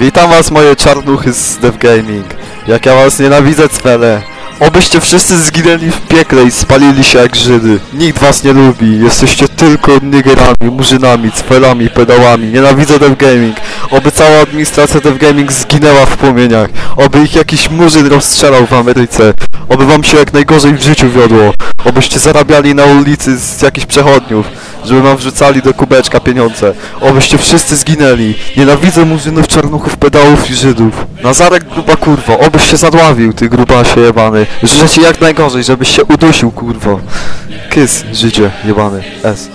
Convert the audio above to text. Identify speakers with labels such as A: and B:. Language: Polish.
A: Witam was moje czarnuchy z DevGaming. Jak ja was nienawidzę cwele. Obyście wszyscy zginęli w piekle i spalili się jak Żydy. Nikt was nie lubi. Jesteście tylko nigerami, murzynami, cwelami, pedałami. Nienawidzę Dev Oby cała administracja Dev Gaming zginęła w płomieniach. Oby ich jakiś murzyn rozstrzelał w Ameryce. Oby wam się jak najgorzej w życiu wiodło. Obyście zarabiali na ulicy z jakichś przechodniów, żeby wam wrzucali do kubeczka pieniądze. Obyście wszyscy zginęli. Nienawidzę murzynów, czarnuchów, pedałów i Żydów. Nazarek gruba kurwo, obyś się zadławił, ty się jebany. Życie ci jak najgorzej, żebyś się udusił kurwo. Kys, życie jebany. S.